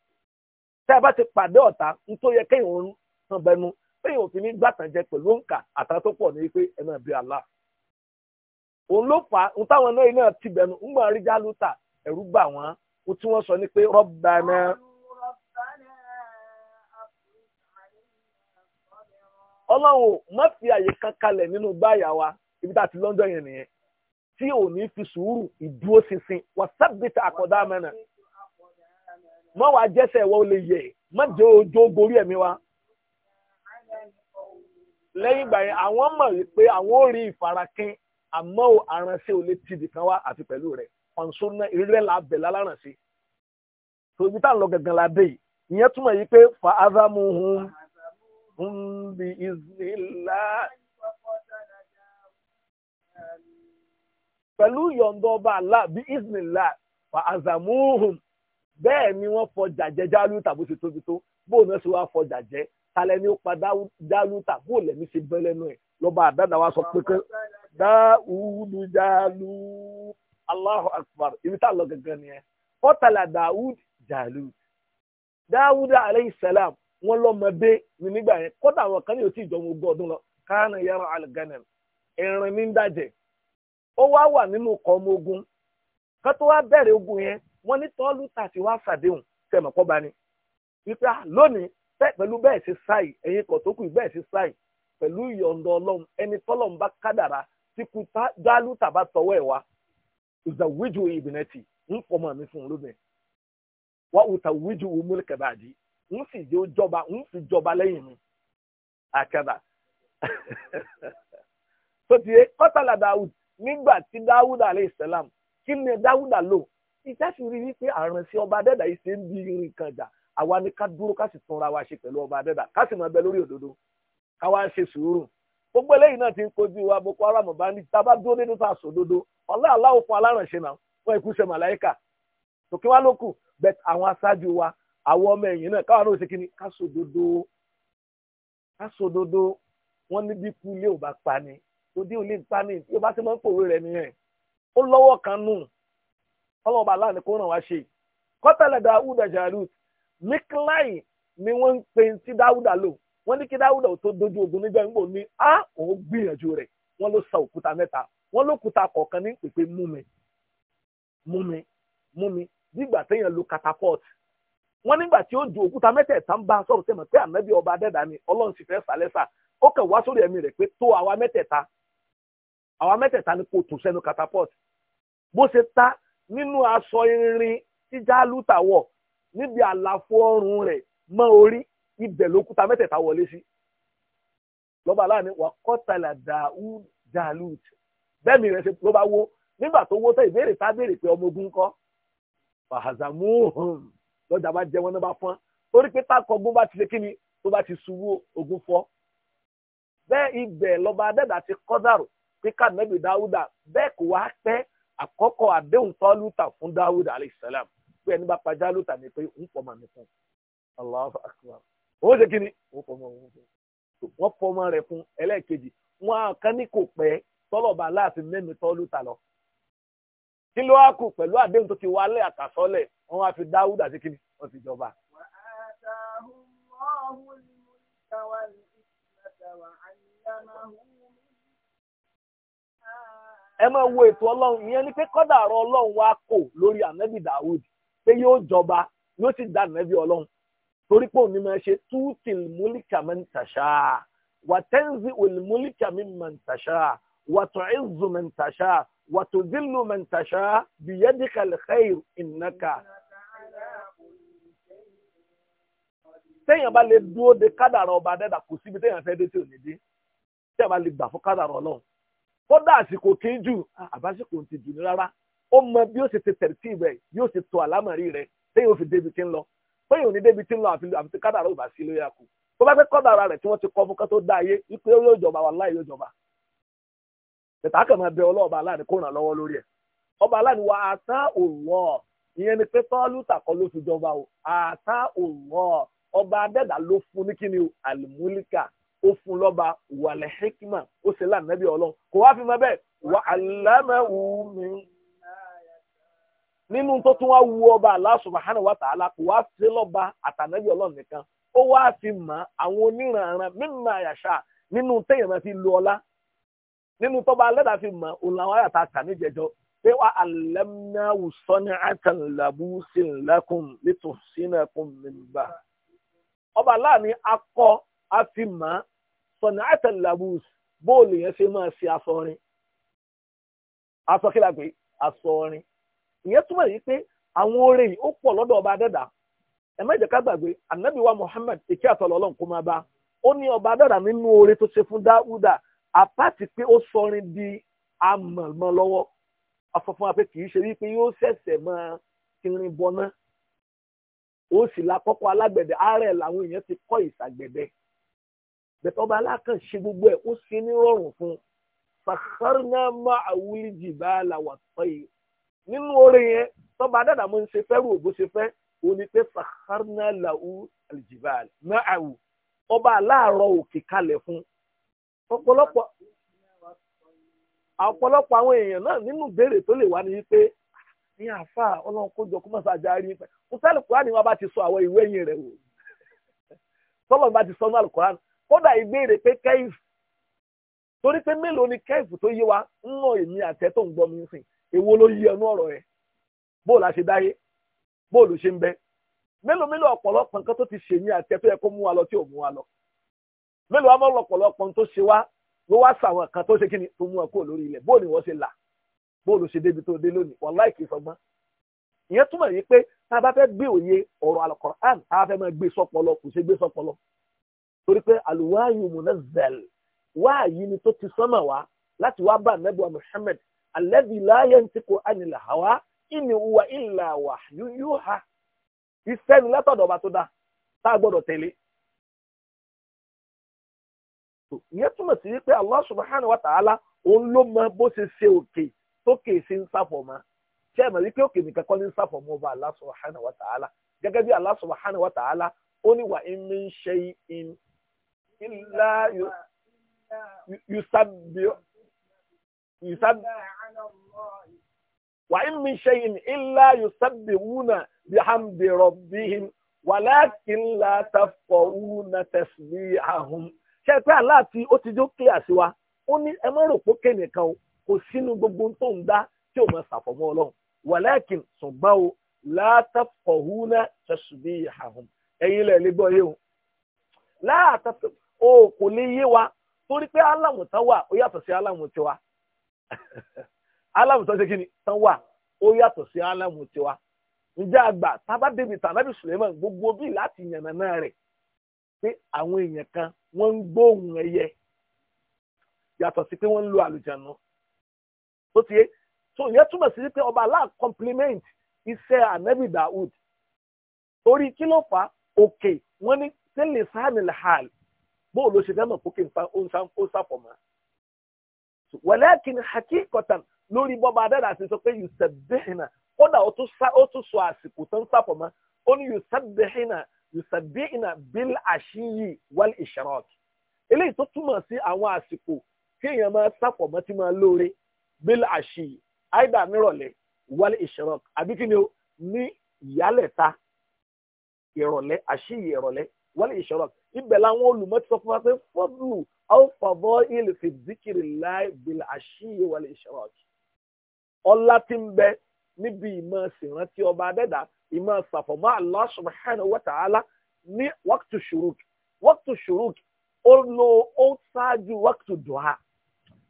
S1: tẹ́ ẹ bá ti pàdé ọ̀tá nítorí yẹ kéèyàn ń tan bẹnu kéèyàn ò fi ní gbàtàn jẹ pẹ̀lú òǹkà àtàwọn tó pọ̀ ní wípé ẹ máa bí Allah. òun ló fà á ń táwọn náà iná ti bẹnu ń gbọ́n rí jálùtà ẹ̀rú bà wọ́n o tí wọ́n sọ ní pé Rabbana. ọlọ́run má fi àyè kan kalẹ̀ nínú gbáyà wa ibi tá a ti lọ́jọ́ yẹn nìyẹn tí ò ní fi sùúrù ìdúró ṣinṣin wà sábìtà àkọ́dá mẹ́rin mọ́ wàá jẹ́sẹ̀ wọ́n lè yẹ má jẹ́ ojó gorí ẹ̀mí wa. lẹ́yìn ìgbà yẹn àwọn mọ̀ pé àwọn ò rí ìfarakín àmọ́ àránṣẹ́ ò lè tìdì kan wá àti pẹ̀lú rẹ̀ ọ̀nṣọ́nà ìrírẹ́ la bẹ̀ lálárànṣẹ́ tòbí tá à ń lọ gangan la dé yìí ìyẹn túmọ̀ yìí pé fa ádámù hùn ń pẹ̀lú yọ̀ǹdọ̀ ọba àlá bí isnilá fa azamuhum bẹ́ẹ̀ ni wọ́n fọjà jẹ jálùtà bó ṣe tóbi tó bóun náà ṣe wá fọjà jẹ talẹ̀ ni ó pa jálùtà bóun lẹ́mí ṣe bẹ́ lẹ́nu ẹ̀ lọ́ba àdáda wa sọ pé dáúdù jálù Allahu akbar ibi tá a lọ gangan ni ẹ kọ́tàlá dáúd jálù dáúdà aleyhi salam wọn lọ́mọdé ní nígbà yẹn kọ́tà àwọn kan ní òtí ìjọba ogún ọdún lọ káàna yàrá alganem ẹ̀rìn ní ń dàjẹ́ ó wá wà nínú ikọ̀ ọmọ ogun kán tó wá bẹ̀rẹ̀ ogun yẹn wọ́n ní tọ́lú tàti wá fàdéhùn tẹ̀mọ̀ kọ́ba ni wípé à lónìí pẹ̀lú bẹ́ẹ̀ ṣe si ẹ̀yin pẹlụ tó kù bẹ́ẹ̀ ṣe pẹ̀lú ìyọ̀ǹda ọlọ́run ẹni bá tí kú dálú tọwọ́ ẹ̀ wá ń mi fún wá *laughs* nígbà tí dáwúdà alayhi salam kí ni dáwúdà lò ìjà sì rí wípé àrùn sí ọba dẹ́dà yìí ṣe ń di irin kan jà àwa ni ká dúró ká sì túnra wa ṣe pẹ̀lú ọba dẹ́dà ká sì máa bẹ lórí òdodo ká wá ṣe sùúrù gbogbo eléyìí náà ti ń kojú wa boko haram bá ní tábà dúró nínú tá a sọ òdodo ọlọ́run aláwọ̀ fún alárànṣe náà fún ìkúṣe màláìkà tòkí wá àwọn ká sọ òdodo ká sọ òdodo to deal with panic o bá ṣe máa ń pòwe rẹ̀ nìyẹn ó lọ́wọ́ kan nù ọlọ́wọ́ bá láàánú kó ràn wá ṣe kọ́tàlẹ̀ dáwúdà jarut miklai ni wọ́n ń pe ti dáwúdà lò wọ́n ní kí dáwúdà ò tó dojú ogun níjọ́ ń bò ní á òun gbìyànjú rẹ̀ wọ́n ló sa òkúta mẹ́ta wọ́n lo kọ̀ọ̀kan ní pèpè nígbà téèyàn lu catapult wọ́n nígbà tí ó ju òkúta sọ̀rọ̀ ọba adẹ́dàá ni ọlọ́run sì fẹ́ sàlẹ́sà ó kàn wá sórí ẹ̀mí rẹ̀ pé tó àwa mẹ́tẹ̀ẹ̀ta àwa mẹ́tẹ̀ẹ̀ta ni kò tò sẹ́nu catapult bó ṣe ta nínú aṣọ irin tí jálùtà wọ̀ níbi àlàfo ọrùn rẹ̀ mọ́ orí ibẹ̀ lókúta mẹ́tẹ̀ẹ̀ta wọlé sí lọ́ba aláàánú wà kọ́tàlà dàú jálùt bẹ́ẹ̀ mi rẹ̀ ṣe ló bá wó nígbà tó wó tán ìbéèrè tá béèrè pé ọmọ ogun kọ́ fàhàzàmù lọ́jà bá jẹ́ wọn náà bá fọ́n torí pé tákọ̀ọ́gún bá ti ṣe kí tó bá ti ṣubú ogun fọ́ bẹ́ẹ̀ ibẹ̀ lọ́ba adẹ́dà ti kọ́dàrú pé ká nẹ́bí dáúdà bẹ́ẹ̀ kò wá pẹ́ àkọ́kọ́ àdéhùn tọ́lúta fún dáúdà aleyhisselam pé ẹni bá pàjá lúta ni pé ń fọmọ mi fún Allahu akbar owó ṣe kíni wọ́n fọmọ wọn fún wọ́n fọmọ rẹ̀ fún ẹlẹ́ẹ̀kejì wọn kan ní kò pẹ́ tọ́lọ̀bà láàfin mẹ́mi tọ́lúta lọ kí ló wá kù pẹ̀lú àdéhùn tó ti wálé àkàsọ́lẹ̀ wọn á fi dáúdà sí kíni wọ́n fi jọba.
S2: وآتاهم الله الملك
S1: ẹ máa wo ètò ọlọ́run ìyẹn ni pé kọ́dàrọ̀ ọlọ́run wa kò lórí ànábì Dawud pé yóò jọba yóò sì dá ànábì ọlọ́run torí pé òní máa ṣe tútìl múlíkà man tasha wàtẹ́ǹzì òlùmúlíkà mimman tasha wàtọ̀ẹ́zù man tasha wàtọ̀dílù man tasha biyadika alkhair innaka. téèyàn bá lè dúró de kádàrọ̀ ọba dẹ́dà kò síbi téèyàn fẹ́ dé tí ò ní dé téèyàn bá lè gbà fún kádàrọ̀ ọlọ́run kódà àsìkò kì í jù àbásìkò ti jù ní rárá ó mọ bí ó ṣe ti tẹ̀rìtì rẹ̀ yóò ṣe tó àlámọ̀rí rẹ̀ téyìn ó fi débi tí ń lọ péyìn ò ní débi tí ń lọ àfi kádàrá ò bá sí lórí àkú tó bá fẹ́ kádàrá rẹ̀ tí wọ́n ti kọ́ fún kátó dá ayé wípé yóò jọba wà láì yóò jọba tètè kàn bẹ ọlọ́ọ̀ba aláàánú kó ràn lọ́wọ́ lórí ẹ̀ ọba aláàánú wa àtá òwò ìyẹn ni pé tọ́lú tàkọ́ ló fi jọba o àtá òwò ọba adẹ́dà ló fún ní kíni o àlùmúlíkà ó fún lọ́ba wàlẹ̀ hikima ó ṣe lánàbí ọlọ́run kò wá fi mọ bẹ́ẹ̀ wà alámẹ́wù mi. nínú tó tún wá wu ọba Allah wa ta'ala kò wá ṣe lọ́ba àtànàbí ọlọ́run nìkan ó wá fi mọ àwọn oníranran mímọ àyàṣà nínú téèyàn fi lu ọlá nínú tọ́ba fi mọ òun làwọn àyàtà kà níjẹjọ pé wà ọba akọ a fi mọ̀ sọ̀nà àtàlàbùs bóòlù yẹn ṣe máa ṣe asọrin asọkílà asọ asọrin ìyẹn túmọ̀ yìí pé àwọn oore yìí ó pọ̀ lọ́dọ̀ ọba adẹ́dà ẹ má jẹ́ ká gbàgbé anabi wa Muhammad èké àtọ̀lọ́ ọlọ́run kó máa bá ó ọba dada nínú oore tó ṣe fún Dáúdà àpáàtì pé ó sọrin di lọ́wọ́ afọ fún wa kì í ṣe wípé yóò ṣẹ̀ṣẹ̀ máa kiri bọ́ná ó sì la kọ́kọ́ alágbẹ̀dẹ làwọn èèyàn ti kọ́ bẹ̀tẹ̀ ọba alákàn ṣe gbogbo ẹ̀ ó ṣe ní rọrùn fún un fàkàrínà má àwùlí jì bá a là wà pẹ́yì nínú oore yẹn tọ́ba dàdà mo ń ṣe fẹ́ rò ṣe fẹ́ o pé fàkàrínà làwù àlìjìbá má àwù ọba aláàárọ̀ òkè kalẹ̀ fún ọ̀pọ̀lọpọ̀ ọ̀pọ̀lọpọ̀ àwọn èèyàn náà nínú ìbéèrè tó lè wá ní wípé ní àáfà ọlọ́run kó jọ kó mọ̀ sáájà rí pẹ́ kódà ìbéèrè pé kẹ́ìf torí pé mélòó ni kẹ́ìf tó yé wa ń nà èmi àtẹ́ tó ń gbọ́ mi sìn èwo ló yí ẹnu ọ̀rọ̀ ẹ̀ bóòlù àṣẹ dáyé bóòlù ṣe ń bẹ mélòó mélòó ọ̀pọ̀lọpọ̀ nǹkan tó ti ṣe ní àtẹ́ tó yẹ kó mú wa lọ tí ò mú wa lọ mélòó àmọ́ ọ̀pọ̀lọpọ̀ tó ṣe wá ló wá sàwọn kan tó ṣe kí ni tó mú ẹ kúrò lórí ilẹ̀ bóòlù wọ́n ṣe là bóòlù ṣe débi tó dé lónìí wọ́n láì kì í fọgbọ́n ìyẹn túmọ̀ yìí pé tá a bá fẹ́ gbé òye ọ̀rọ̀ Al-Qur'an a fẹ́ máa gbé sọ́pọlọ kò ṣe gbé sọ́pọlọ torí pé alùwáyù munazzal wáàyí ni tó ti sánmà wá láti wá bá anabi wa muhammed alladhi la yantiqu anil hawa in huwa illa wahyun yuha iṣẹ́ ni látọ̀dọ̀ ọba tó dá tá a gbọ́dọ̀ tẹ̀lé. ìyẹn túmọ̀ sí pé allah subhanahu wa ta'ala òun ló mọ bó ṣe ṣe òkè tó kè ṣe ń sáfọ̀ mọ́ ṣé ẹ̀ mọ̀ wípé òkè nìkan kọ́ ní ń sáfọ̀ mọ́ ọba allah subhanahu wa ta'ala gẹ́gẹ́ bí allah subhanahu wa ta'ala ó ní wa in min shay'in إلا يسبح يسبح وإن من شيء إلا يسبحون بحمد ربهم ولكن لا تفقهون تسبيحهم ṣẹ́pẹ́ aláàtí ó ti jó clear sí wa ó ní ẹ má rò pé o kò sínú gbogbo tó ń dá tí ò máa ṣàfọ̀mọ́ ọlọ́run o látàfọ̀húnà tẹ̀sùbí ìhàhùn ẹ̀yin lè o o kò lè yé wa torí pé aláwọ̀ tán wà ó yàtọ̀ sí aláwọ̀ tiwa *laughs* aláwọ̀ tán ṣe kí ni tán wà ó yàtọ̀ sí aláwọ̀ tiwa ǹjẹ́ àgbà tábà débi tànàbí Suleiman gbogbo bíi láti yànnàná rẹ̀ pé àwọn èèyàn kan wọ́n ń gbóhùn ẹyẹ yàtọ̀ sí pé wọ́n ń lo àlùjànnú tó ti yé tó ìyẹn túmọ̀ sí pé ọba aláà compliment iṣẹ́ anabi Dawud torí kí ló fà á òkè wọ́n ní tẹ́lẹ̀ sáàmì làhálì bóòlù ló ṣe fẹ́ mọ̀ pókè nfa ó sàpọ̀ mọ́. walakin hakikatan lórí bọ́ba adára àti sọ pé yusabbihna kódà ó tún sọ àsìkò tó ń sàpọ̀ mọ́ ó ní yusabbihna yusabbihna bil ashiyi wal ishraq. eléyìí tó túmọ̀ sí àwọn àsìkò kéèyàn máa sàpọ̀ mọ́ tí máa lóore bil ashiyi àìdá nírọ̀lẹ́ wal ishraq àbí kí ni ó ní ìyálẹ̀ta ìrọ̀lẹ́ àṣìyí ìrọ̀lẹ́ wal ishraq ibẹ̀ làwọn olùmọ̀ ti sọ fún wa pé fọ́dù àwòfàbọ̀ ilẹ̀ fi zikiri láì bìlà àṣìyẹ wal ishraq ọlá ti ń bẹ níbi ìmọ̀ sìrántí ọba adẹ́dà ìmọ̀ sàfọ̀mọ́ Allah subhanahu wa ta'ala ní wákìtù ṣùrùk wákìtù ṣùrùk ó lo ó ṣáájú wákìtù dùhà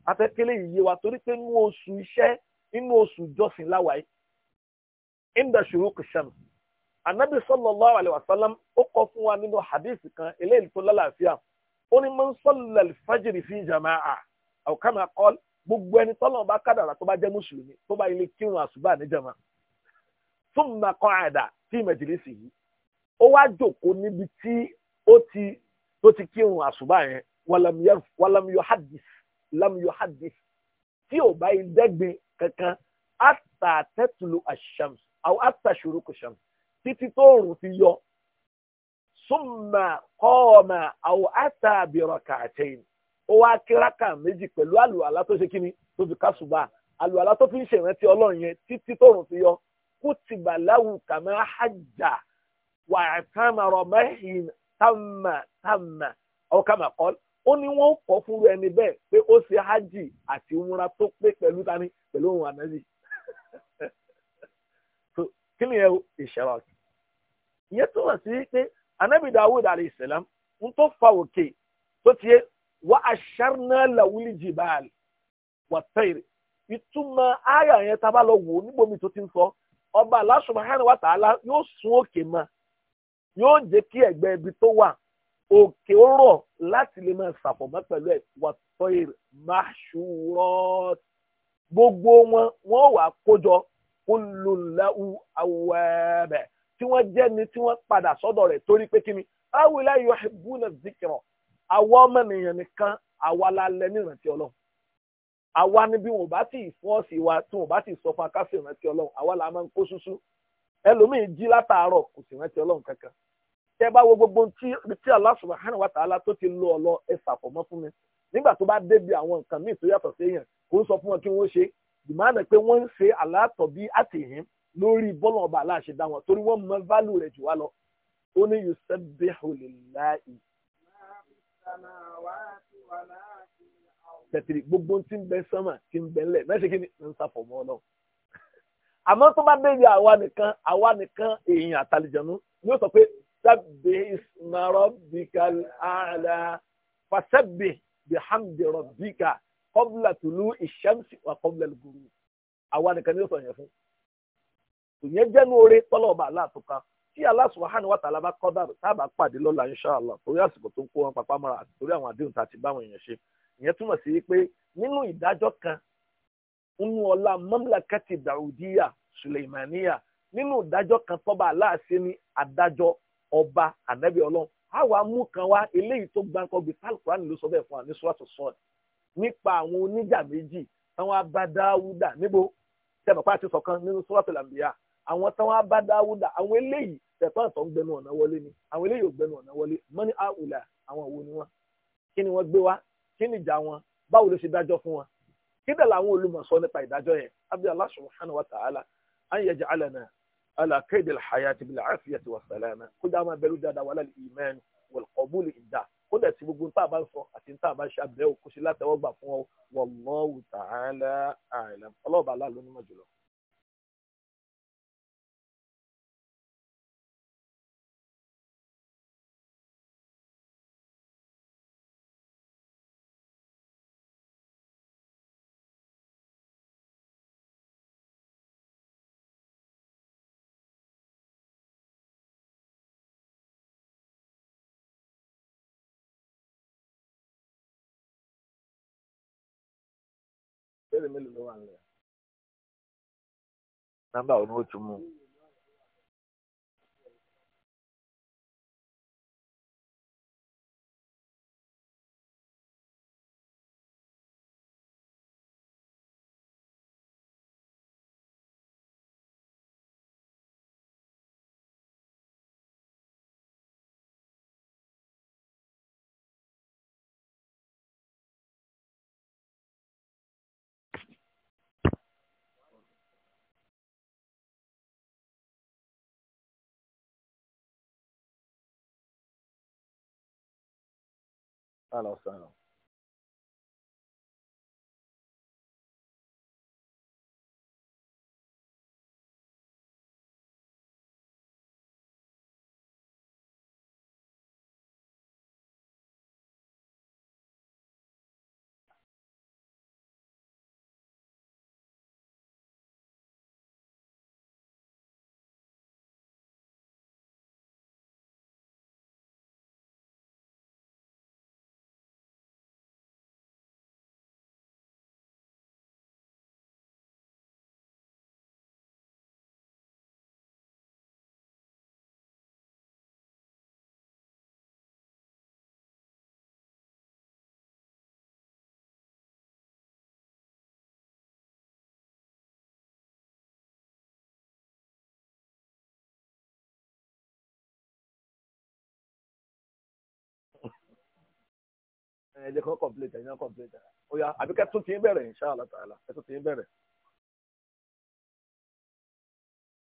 S1: afẹ́kẹ́lẹ́ yìí wa torí pé inú oṣù iṣẹ́ inú oṣù jọ́sìn láwàá yìí inda ṣùrùk ṣàmù anabi sallallahu alayhi wa sallam ó kọ fún wa nínú hadith kan eléyìí tó lálàáfíà ó ní man salla al-fajr fi jama'a aw kama qala gbogbo ẹni tọ́lọ̀ bá kádàrà tó bá jẹ́ mùsùlùmí tó bá ilé kírun àsùbà ní jama thumma qa'ada fi majlisihi ó wá jókòó níbi tí ó ti tó ti kírun àsùbà yẹn walam yuhaddis lam yuhaddis tí ò bá ilé dẹ́gbin kankan àtàtẹ́tùlù àṣàm àwọn àtàṣòro kò títí tó òrùn fi yọ súnmà kọ́ọ̀mà àwọn àtà àbírọ̀ kàtẹ́yìn ó wá kíráka méjì pẹ̀lú àlùwàlá tó ṣe kíni tó fi kásùbà àlùwàlá tó fi ń ṣèrántí ọlọ́run yẹn títí tó òrùn fi yọ kútìbà láwù kàmá hajjà wà tàmàrọ̀ mẹ́hìn tàmà tàmà ọ̀ kàmà kọ́ ó ní wọ́n kọ́ fún ẹni bẹ́ẹ̀ pé ó ṣe hajj àti umra tó pé pẹ̀lú tani pẹ̀lú òun ànájì kí ni yẹn ìṣẹ̀rọ̀k ìyẹn túmọ̀ sí pé anabi dawud alayhi salam ń tó fa òkè tó tiẹ̀ wà aṣárná làwùlì jìbáàlì wà tẹ̀rẹ̀ ìtumọ̀ ayà yẹn tá a bá lọ wò ó níbo mi tó ti ń sọ ọba Allah subhanahu wa ta'ala yóò sun òkè mọ́ yóò jẹ́ kí ẹ̀gbẹ́ ibi tó wà òkè ó rọ̀ láti lè máa ṣàfọ̀mọ́ pẹ̀lú ẹ̀ wà tẹ̀rẹ̀ máṣúrọ̀ gbogbo wọn wọn wà kójọ kólóláwù awẹ́bẹ̀ tí wọ́n jẹ́ ni tí wọ́n padà sọ́dọ̀ rẹ̀ torí pé kí ni awìlá yọ ẹ̀bù náà zikirọ̀ àwa ọmọnìyàn nìkan àwa la lẹ ní ìrántí ọlọ́run àwa ni bí wọn bá ti fọ́ọ̀sì wa tí wọn bá ti sọ fún akásí ìrántí ọlọ́run àwa la máa ń kó súsú ẹlòmíì jí látàárọ̀ kò sì rántí ọlọ́run kankan tẹ bá wo gbogbo tí Allah subhanahu wa ta'ala tó ti lo ọlọ ẹ ṣàfọ̀mọ́ fún mi nígbà tó bá débi àwọn nǹkan míì tó yàtọ̀ sí èèyàn kò ń sọ fún wọn kí wọ́n ṣe é ìmáàna pé wọ́n ń ṣe àlàtọ̀ bí àtìhín lórí bọ́lọ̀ ọba aláṣẹ dá wọn torí wọ́n mọ válù rẹ̀ jù wá lọ ó ní yusabbihu lillahi. tẹ̀tìrì gbogbo tí ń bẹ sánmà tí ń bẹ ńlẹ̀ mẹ́sẹ̀ kí ni ń sàfọ̀mọ́ ọlọ́run. àmọ́ tó bá débi àwa nìkan àwa nìkan èèyàn àtàlìjọ́nú ni ó sọ pé sábẹ́ isma rabbikal a'la fasabbih bihamdi rabbika. tulu tùlú ìṣẹ́mùsì si kwa lùgùrù àwa nìkan ní sọ̀yẹ̀ fún. ìyẹn jẹ́nu oore tọ́lọ̀ ọba aláàtúkà tí Allah subhanahu wa ta'ala bá kọ́dàrú táàbà pàdé lọla inshallah torí àsìkò tó ń kó wọn papá mọ́ra àwọn àdéhùn a ti bá wọn èèyàn ṣe ìyẹn túmọ̀ sí pé nínú kan nínú ọlá mamlakati daudiya suleimaniya nínú ìdájọ́ kan tọ́ba aláàṣẹ ní adájọ́ ọba ànábì ọlọ́run àwa mú kan wá eléyìí tó gbáǹkọ́ gbé tálùkù nípa àwọn oníjà méjì táwọn abá dáwúdà níbo tẹ̀mọ̀pá àti sọ̀kan nínú suratul anbiya àwọn táwọn abá dáwúdà àwọn eléyìí tẹ̀pá ìtọ́ ń gbẹnu ọ̀nà wọlé ni àwọn eléyìí ò gbẹnu ọ̀nà wọlé mọ́ni àwùlà àwọn òwò ni wọ́n kí ni wọ́n gbé wá kí ni ìjà wọn báwo ló ṣe dájọ́ fún wọn kí dẹ̀ làwọn olùmọ̀ nípa ìdájọ́ yẹn abdi Allah subhanahu wa ta'ala an yaj'alana ala kaydil hayati bil wa salama kó dáa máa bẹ̀rù kó dẹ̀ sí gbogbo tá a bá ń sọ àti tá a bá ṣe àbẹ̀wò kó ṣe látẹ̀wọ́gbà fún ọ wallahu ta'ala a'lam ọlọ́ọ̀bà aláàlú onímọ̀ jùlọ.
S3: ìbéèrè mélòó ló wà nílẹ̀ nọ́mbà wo ni ó tún mú un. 楼，三楼。
S1: ẹ̀jẹ̀ eh, kan complete ẹ̀jẹ̀ kan complete ó yá na tún ti ń bẹ̀rẹ̀ ta'ala tún ti ń bẹ̀rẹ̀.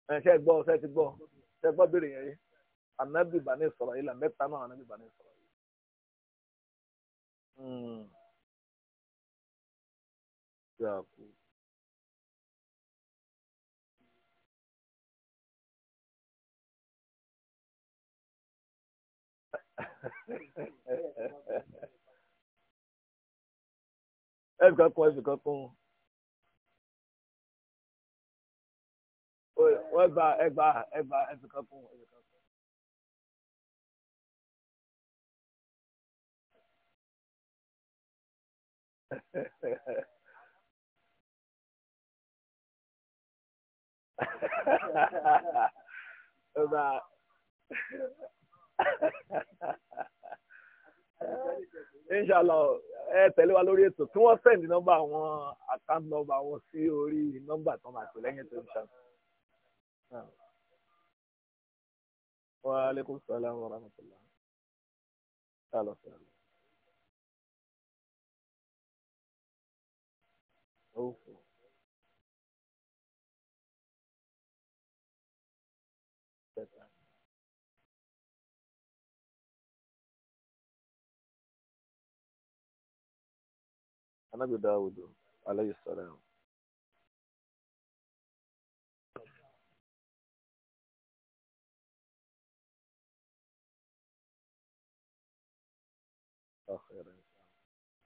S1: Eh, ẹ̀ṣẹ́ gbọ́ ṣe ti gbọ́ gbọ́ bèrè yẹn bani sọ̀rọ̀
S3: *laughs* ẹnìkan kan ẹnìkan kan wọ́n gba ẹgbàá ẹgbàá ẹnìkan kan ẹnìkan kan.
S1: About
S2: *laughs* *laughs*
S1: inshallah ẹ tẹ̀lé wa lórí ètò kí wọ́n send number àwọn account number wọn sí orí nọ́mbà tó máa pè lẹ́yìn tó ń ṣàn.
S3: wa aleykum salaam wa rahmatulah. anábì Dáwùdù alayhi salam.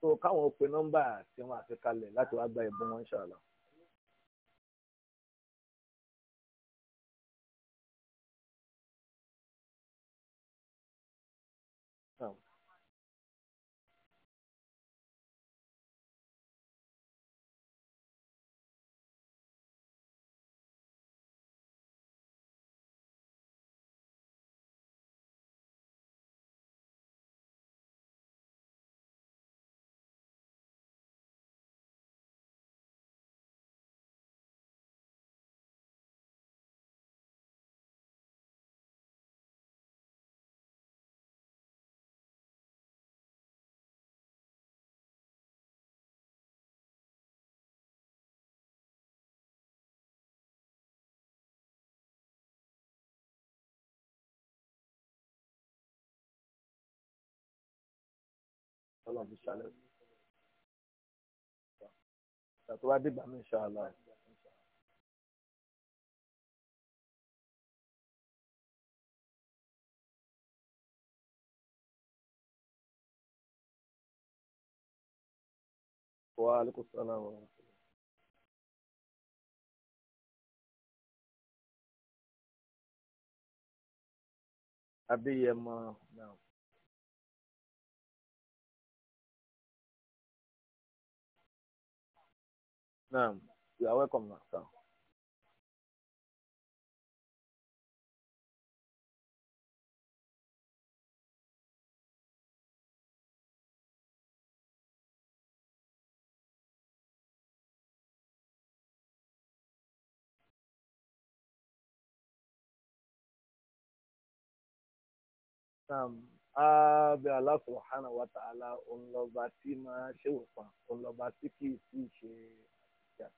S3: so káwọn pe nọ́mbà tí wọn àfi kalẹ̀ láti wá gba ìbọn wọn ṣàlọ. kọ́lọ̀ fi ṣàlẹ̀ fún ìgbà tó bá dìgbà mi ṣàlàyé. وعليكم السلام ورحمة ما Naam. You are welcome, sir.
S1: Naam. Abẹ́ Allah subhanahu wa ta'ala, òun lọ́ba tí máa ṣèwòsàn, òun lọ́ba tí kì í sì ṣe